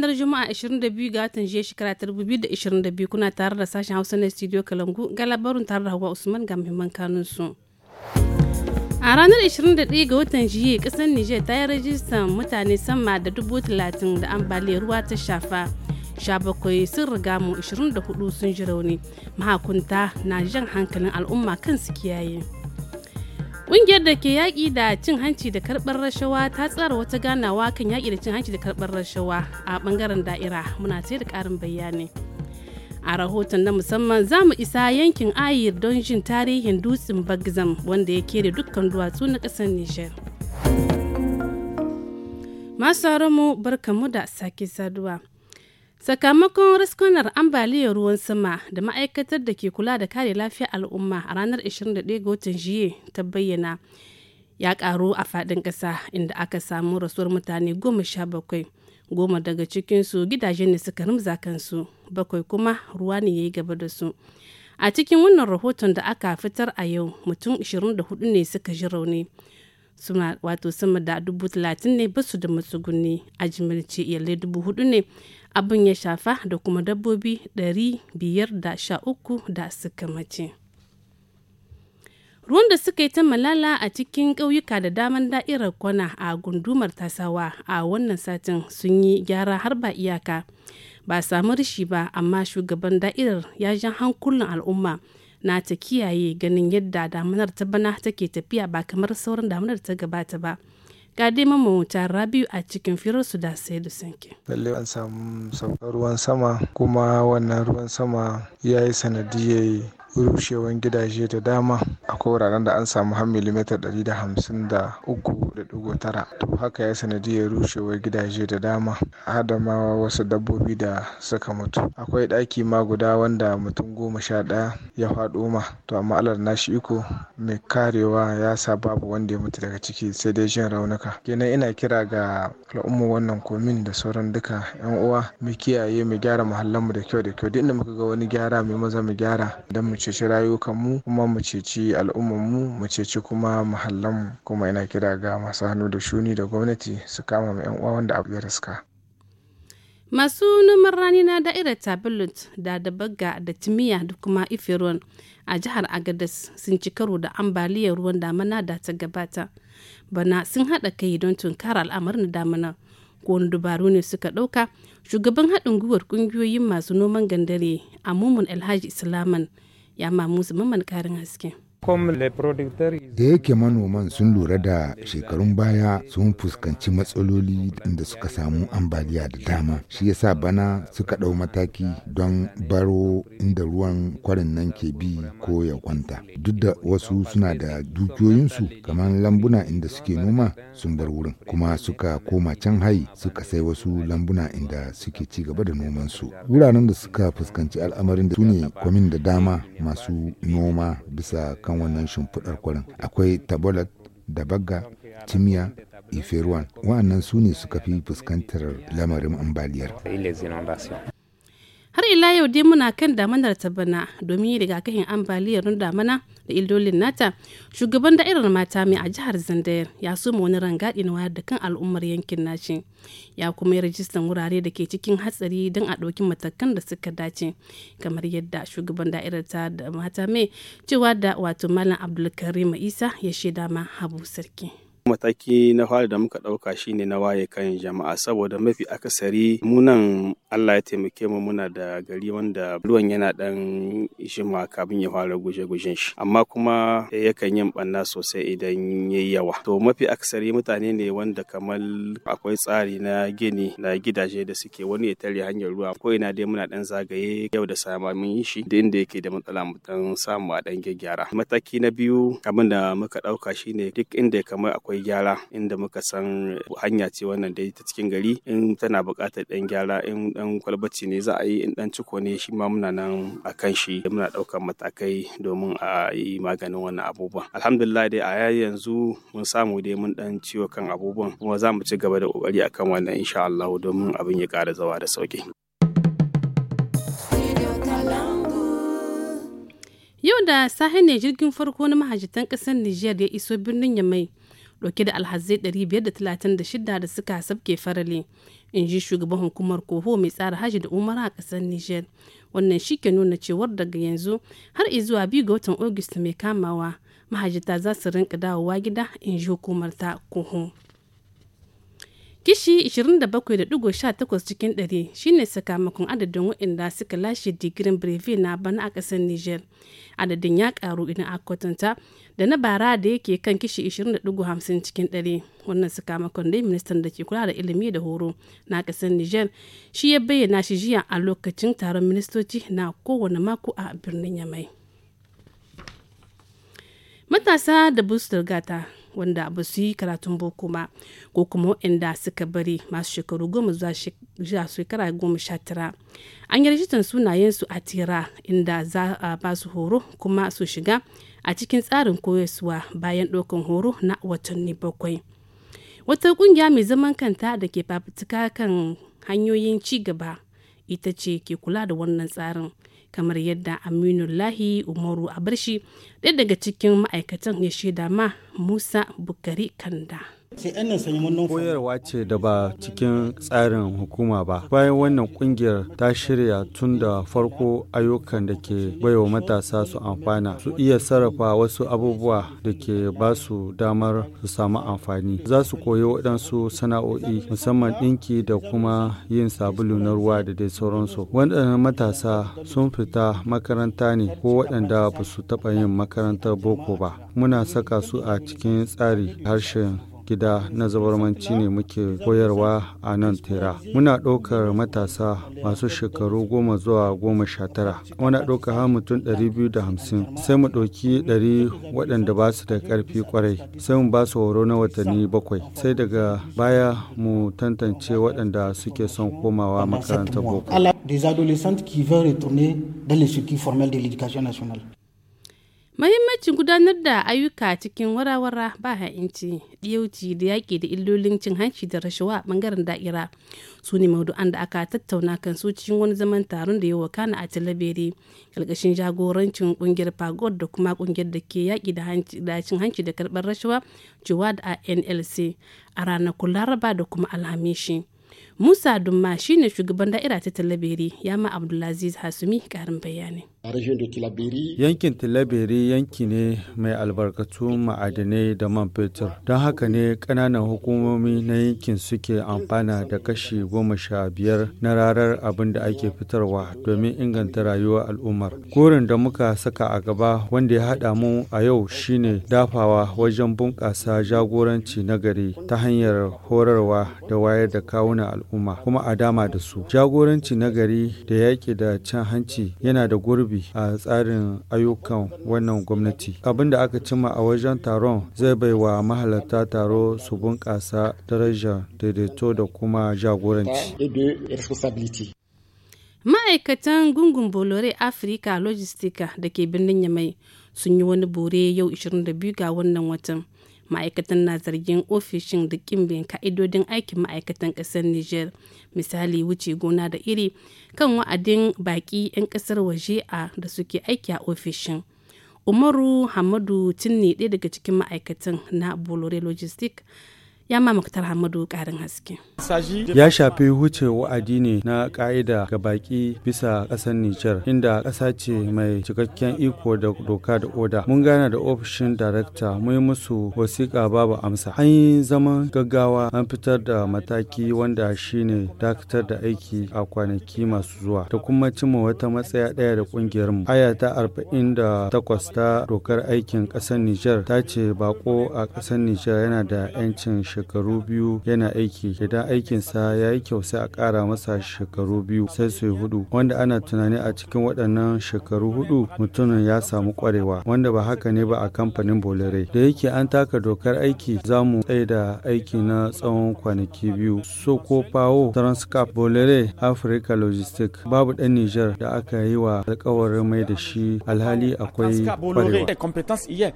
ranar Juma'a 22 ga watan jiya shekara ta 2022 kuna tare da sashen Hausa na Studio Kalangu ga labarin tare da Hauwa Usman ga muhimman kanun su. A ranar 21 ga watan jiya kasar Nijar ta yi rajistan mutane sama da 30,000 da ambaliyar ruwa ta shafa. 17 sun riga mu 24 sun ji rauni. Mahakunta na jan hankalin al'umma kan su kiyaye. Ƙungiyar da ke yaƙi da cin hanci da karɓar rashawa ta tsara wata ganawa kan yaƙi da cin hanci da karɓar rashawa a ɓangaren da'ira muna sai da ƙarin bayani. A rahoton na musamman za mu isa yankin Ayir don jin tarihin dutsen Bagzam wanda ya kere dukkan duwatsu na ƙasar Nijar. Masu mu barkamu da sake saduwa. Sakamakon raskunar ambaliyar ruwan sama da ma'aikatar da ke kula da kare lafiya al'umma a ranar 21 ga watan jiye ta bayyana ya karu a fadin kasa inda aka samu rasuwar mutane goma sha bakwai goma daga cikinsu gidaje ne suka rumza kansu bakwai kuma ruwa ne ya yi gaba da su a cikin wannan rahoton da aka fitar a yau mutum 24 ne suka ji rauni suna wato sama da dubu 30 ne basu da matsuguni a jimilce iyalai dubu 4 ne abin ya shafa da kuma dabbobi 513 da suka mace. ruwan da suka yi ta malala a cikin ƙauyuka da daman da'irar kwana a gundumar tasawa a wannan satin sun yi gyara har ba iyaka ba samu rishi ba amma shugaban da'irar ya jan hankulan al'umma na ta kiyaye ganin yadda damunar ta bana take tafiya ba kamar sauran damunar ta gabata ba. ga dai mamawuta rabiu a cikin firarsu da sai da sanke. lalle an samu saukar ruwan sama kuma wannan ruwan sama ya yi sanadiyar rushewan gidaje da dama akwai wuraren da an samu har milimita 153.9 to haka ya sanadiyar rushewar gidaje da dama hada ma wasu dabbobi da suka mutu akwai ɗaki ma guda wanda mutum goma sha ɗaya ya faɗo ma to amma alar nashi iko mai karewa ya sa babu wanda ya mutu daga ciki sai dai jin raunuka kenan ina kira ga al'umma wannan komin da sauran duka yan uwa mu kiyaye mu gyara muhallanmu da kyau da kyau duk inda muka ga wani gyara mai maza mu gyara don mu ceci rayukanmu kuma mu ceci al'ummanmu mu ceci kuma muhallanmu kuma ina kira ga masu hannu da shuni da gwamnati su kama ma 'yan uwa wanda abu ya riska. masu numar rani na da'irar tablet da dabaga da timiya da kuma ifiron a jihar agadas sun ci karo da ambaliyar ruwan damana da ta gabata bana sun haɗa kai don tunkara al'amarin damana ko wani dubaru ne suka ɗauka shugaban haɗin gwiwar ƙungiyoyin masu noman gandare a mumun alhaji islaman ya mamu musu mamman karin haske. Da yake manoman sun lura da shekarun baya sun fuskanci matsaloli inda suka samu ambaliya da dama. Shi yasa bana suka ɗau mataki don baro inda ruwan kwarin nan ke bi ko ya kwanta. Duk da wasu suna da dukiyoyinsu kamar lambuna inda suke noma sun bar wurin. Kuma suka koma can hayi suka sai wasu lambuna inda suke ci gaba da nomansu. Wuraren da suka fuskanci al'amarin da su ne kwamin da dama masu noma bisa kan wannan shimfiɗar kwarin akwai tabolat da bagga timiya iferuwan wa'annan su ne suka fi fuskantar lamarin ambaliyar har ila yau dai muna kan damanar ta bana domin daga rigakafin ambaliyar damana da illolin nata shugaban da'irar mata mai a jihar zandayar ya soma wani rangadi na wayar da kan al'ummar yankin nashi ya kuma yi rajistan wurare da ke cikin hatsari don a ɗauki matakan da suka dace kamar yadda shugaban da'irar ta da mata mai cewa da wato malam abdulkarim isa ya shaida ma habu sarki mataki na fari da muka ɗauka shine na waye kan jama'a saboda mafi akasari munan Allah ya taimake mu muna da gari wanda ruwan yana ɗan jima kafin ya fara guje-gujen shi amma kuma yakan yin ɓanna sosai idan yayi yawa to mafi akasari mutane ne wanda kamar akwai tsari na gini na gidaje da suke wani ya tare hanyar ruwa ko ina dai muna dan zagaye yau da sama mun yi shi da inda yake da matsala mu dan samu a ɗan gyara mataki na biyu abin da muka ɗauka shine duk inda kamar akwai akwai gyara inda muka san hanya ce wannan dai ta cikin gari in tana buƙatar ɗan gyara in ɗan kwalbaci ne za a yi in ɗan ciko ne shi ma muna nan a kan shi muna ɗaukar matakai domin a yi maganin wannan abubuwan alhamdulillah dai a yanzu mun samu dai mun ɗan ciwo kan abubuwan kuma za mu ci gaba da ƙoƙari akan wannan insha Allah domin abin ya ƙara zawa da sauƙi. Yau da sahi ne jirgin farko na mahajitan ƙasar Nijar ya iso birnin Yamai dauke da alhazai 536 da suka sabke farale in ji shugaban hukumar koho mai tsara hajji da umara a kasar niger wannan shi ke nuna cewar daga yanzu har izuwa biyu ga watan august mai kamawa mahajjata za su rinka dawowa gida in ji hukumar ta koho Kishi 27.18 cikin 100 shine sakamakon adadin waɗanda suka lashe digirin brevi na bana a ƙasar niger Adadin ya karu idan a kwatanta da na bara da yake kan kishi 20.50 cikin 100 Wannan sakamakon dai ministan da ke kula da ilimi da horo na ƙasar niger shi ya bayyana shi jiya a lokacin taron ministoci na kowane mako a birnin Yamai. Matasa da bustar gata wanda ba su yi karatun boko ba ko kuma waɗanda suka bari masu shekaru goma zuwa shekara goma sha tara an yi rajistan sunayensu a tira inda za a ba su horo kuma su shiga a cikin tsarin koyarwa bayan ɗaukan horo na watanni bakwai wata ƙungiya mai zaman kanta da ke fafutuka kan hanyoyin ci gaba ita ce ke kula da wannan tsarin kamar yadda aminullahi umaru a barshi ɗaya daga cikin ma'aikatan ya shaida ma musa bukari kanda Koyarwa ce da ba cikin tsarin hukuma ba. Bayan wannan kungiyar ta shirya tun da farko ayyukan da ke baiwa matasa su amfana, su iya sarrafa wasu abubuwa da ke ba su damar su samu amfani. Za su koyi waɗansu sana'o'i musamman ɗinki da kuma yin sabulu na ruwa da dai sauransu. Waɗannan matasa sun fita makaranta ne ko waɗanda ba su taɓa yin makarantar boko ba. Muna saka su a cikin tsari harshen gida na zabarmanci ne muke koyarwa a nan tera muna ɗaukar matasa masu shekaru goma zuwa goma sha tara muna ɗaukar har mutum ɗari biyu da hamsin sai mu ɗauki ɗari waɗanda ba su da ƙarfi kwarai sai mu ba su horo na watanni bakwai sai daga baya mu tantance waɗanda suke son komawa makarantar boko. Mahimmancin gudanar da ayyuka cikin warawara ba ha'inci, ɗiyauci da yaƙi da illolin cin hanci da rashawa a ɓangaren da'ira su ne maudu'an da aka tattauna kan su cikin wani zaman taron da ya wakana a talabere ƙarƙashin jagorancin ƙungiyar pagod da kuma ƙungiyar da ke yaƙi da cin hanci da karɓar rashawa cewa da nlc a ranakun laraba da kuma alhamishi. Musa Dumma shine shugaban da'ira ta Talabere ya ma Abdulaziz Hasumi karin bayani. Yankin Talabere yanki ne mai albarkatu ma'adanai da man fetur. Don haka ne ƙananan hukumomi na yankin suke amfana da kashi goma sha biyar na rarar abin da ake fitarwa domin inganta rayuwar al'ummar. Gurin da muka saka a gaba wanda ya haɗa mu a yau shine dafawa wajen bunƙasa jagoranci na gari ta hanyar horarwa da wayar da kawunan al'umma. al'umma kuma a dama da su jagoranci nagari da yaƙi da can hanci yana da gurbi a tsarin ayyukan wannan gwamnati abin da aka cima a wajen taron zai bai wa mahalarta taro su bunƙasa darajar daidaito da kuma jagoranci ma'aikatan gungun bolore afirka logistica da ke birnin yamai sun yi wani bore yau 22 ga wannan watan ma'aikatan na zargin ofishin da kimbin ka'idodin aikin ma'aikatan ƙasar niger misali wuce gona da iri kan wa'adin baƙi 'yan ƙasar waje a da suke aiki a ofishin umaru hamadu tinni ɗaya daga cikin ma'aikatan na bolore logistics Yamma Muktar Hamadu karin haske. Ya shafi wuce wa'adi ne na ƙa'ida ga baƙi bisa ƙasar Nijar, inda ƙasa ce mai cikakken iko da doka da oda. Mun gana da ofishin darakta mun yi musu wasiƙa babu amsa. An yi zaman gaggawa an fitar da mataki wanda shine dakatar da aiki a kwanaki masu zuwa da kuma cimma wata matsaya ɗaya da ƙungiyar mu. Aya ta arba'in da takwas ta dokar aikin ƙasar Nijar ta ce bako a ƙasar Nijar yana da 'yancin shi shekaru biyu yana aiki idan aikinsa ya yi kyau sai a ƙara masa shekaru biyu sai su hudu wanda ana tunani a cikin waɗannan shekaru hudu mutumin ya samu ƙwarewa wanda ba haka ne ba a kamfanin bolare da yake an taka dokar aiki za mu tsaye da aiki na tsawon kwanaki biyu so ko pawo transcap bolare africa logistic babu ɗan niger da aka yi wa alkawarin mai da shi alhali akwai ƙwarewa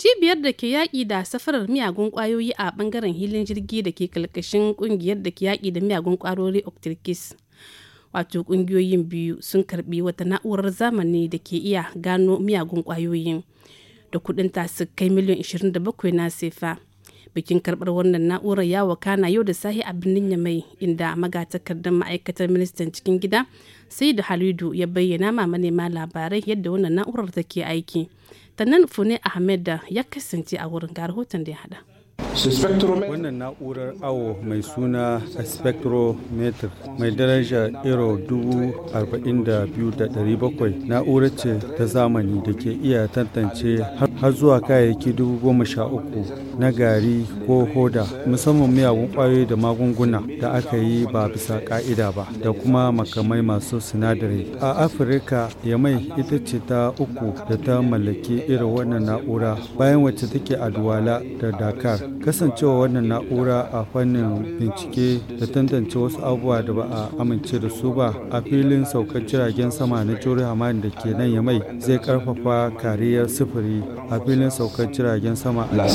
cibiyar da ke yaƙi da safarar miyagun ƙwayoyi a ɓangaren hilin jirgi da ke kalkashin ƙungiyar da ke yaƙi da miyagun ƙwarori octurkis wato ƙungiyoyin biyu sun karɓi wata na'urar zamani da ke iya gano miyagun ƙwayoyin da kuɗin su kai miliyan 27 na sefa bikin karɓar wannan na'urar ya wakana yau da sahi a birnin yamai inda magatakardar ma'aikatar ministan cikin gida sai da halidu ya bayyana ma manema labarai yadda wannan na'urar take aiki Tanan Fune Ahmed da ya kasance a wurin ga rahoton da ya hada. Wannan na'urar awo mai suna spectrometer mai daraja Euro 42,700 na'ura ce ta zamani da ke iya tantance har zuwa kayayyaki 13,000 na gari ko hoda musamman miyagun kwayoyi da magunguna da aka yi ba bisa ka'ida ba da kuma makamai masu sinadarai. A Afirka, Yamai ita ce ta uku da ta mallaki irin wannan na'ura bayan wacce take a Duwala da Dakar. kasancewa wannan na'ura a fannin bincike da tantance wasu abubuwa da ba a amince da su ba a filin saukar jiragen sama na jori hamani da ke nan ya mai zai karfafa kariyar sufuri a filin saukar jiragen sama a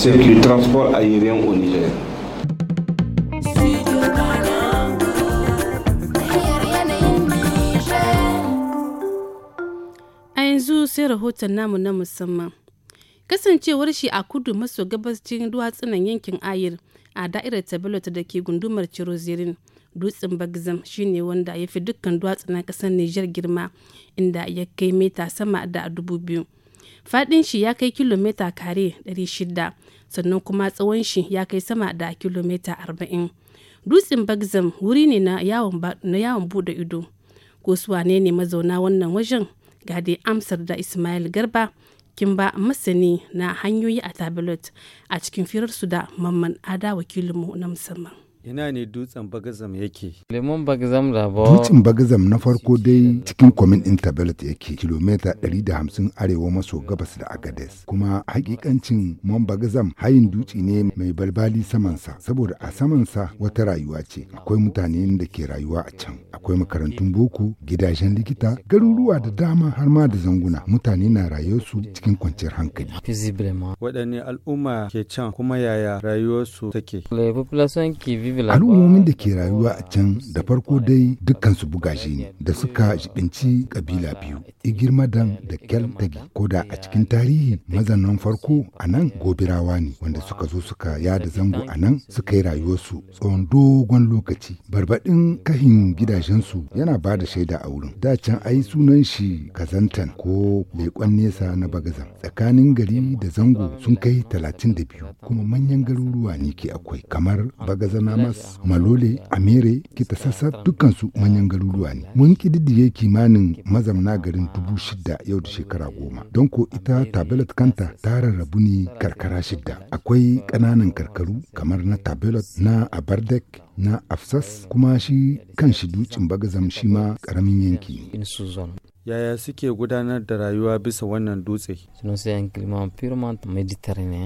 a yanzu sai rahoton namu na musamman kasancewar shi a kudu maso gabashin duwatsunan yankin ayir a da'irar tabelot da ke gundumar cirozirin dutsen bagzam shine wanda ya fi dukkan duwatsunan kasar niger girma inda ya kai mita sama da dubu biyu fadin shi ya kai kilomita kare 600 sannan kuma tsawon shi ya kai sama da kilomita 40 dutsen bagzam wuri ne na yawon buɗe ido ko su ne mazauna wannan wajen ga dai amsar da ismail garba kin ba masani na hanyoyi a tablet a cikin su da mamman ada wakilinmu na musamman Ina ne dutsen Bagazam yake? Lemon Bagazam da Dutsen Bagazam na farko dai cikin kwamin Intabelet yake kilomita 150 arewa maso gabas da Agades. Kuma hakikancin Mon Bagazam hayin dutse ne mai balbali samansa saboda a samansa wata rayuwa ce. Akwai mutane da ke rayuwa a can. Akwai makarantun boko, gidajen likita, garuruwa da dama har ma da zanguna. Mutane na rayuwarsu cikin kwanciyar hankali. Waɗanne al'umma ke can kuma yaya rayuwarsu take? Al'ummomin da ke rayuwa a can da farko dai dukkansu bugaje ne da suka jibinci kabila biyu, Igirmadan da Keltagi, ko da a cikin tarihi mazannan farko a nan gobirawa ne wanda suka zo suka yada zango a nan suka yi rayuwarsu tsawon dogon lokaci. Barbaɗin kahin gidajensu yana ba da shaida a wurin. Da can ai sunan shi Kazantan ko leƙon nesa na Bagazan. Tsakanin gari da zango sun kai talatin da biyu kuma manyan garuruwa ne ke akwai kamar Bagazana Thomas Malole, Amere, Kitasassa dukansu manyan garuruwa ne. Mun kididdige kimanin mazamna garin dubu shida yau da shekara goma. Don ko ita Tabelot kanta ta rarrabu ne karkara shida. Akwai ƙananan karkaru kamar na Tabelot na Abardek na Afsas kuma shi kan shi ducin bagazam shi ma ƙaramin yanki. yaya suke gudanar da rayuwa bisa wannan dutse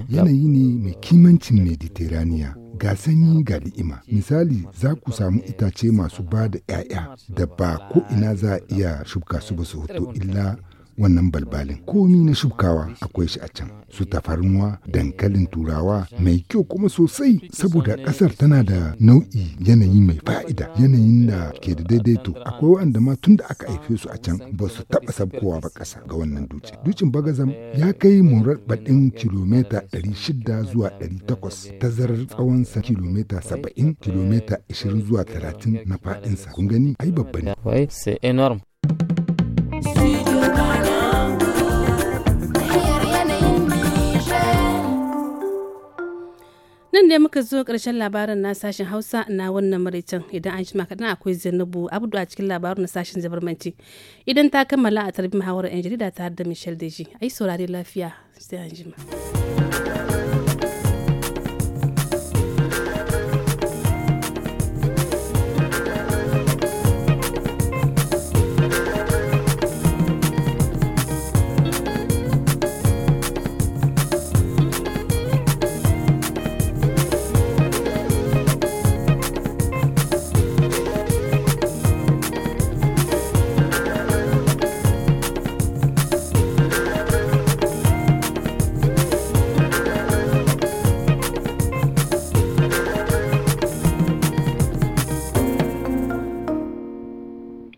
yanayi ne mai kimancin mediterania ga sanyi ga li'ima misali za ku samu itace masu ba da 'ya'ya da ba ko ina za a iya shuka su ba su hoto illa wannan balbalin komi na shukawa akwai shi a can su tafarnuwa dankalin turawa mai kyau kuma sosai saboda ƙasar tana da nau'i yanayi mai fa'ida yanayin da ke da daidaito akwai wanda ma tun da aka haife su a can ba su taba sabkowa ba ƙasa ga wannan dutse ducin bagazam ya kai badin kilomita 600 zuwa 800 tazarar tsawonsa kilomita 70 kilomita 20 zuwa 30 na faɗinsa kun gani ai babba ne ne da muka zo ƙarshen labarin na sashen hausa na wannan maraicin idan an shima kaɗan akwai zainabu abdu a cikin labarin na sashen jabarmanci idan ta kammala a tarbi muhawarar yan jarida tare da michel deji ai saurari lafiya sai an jima.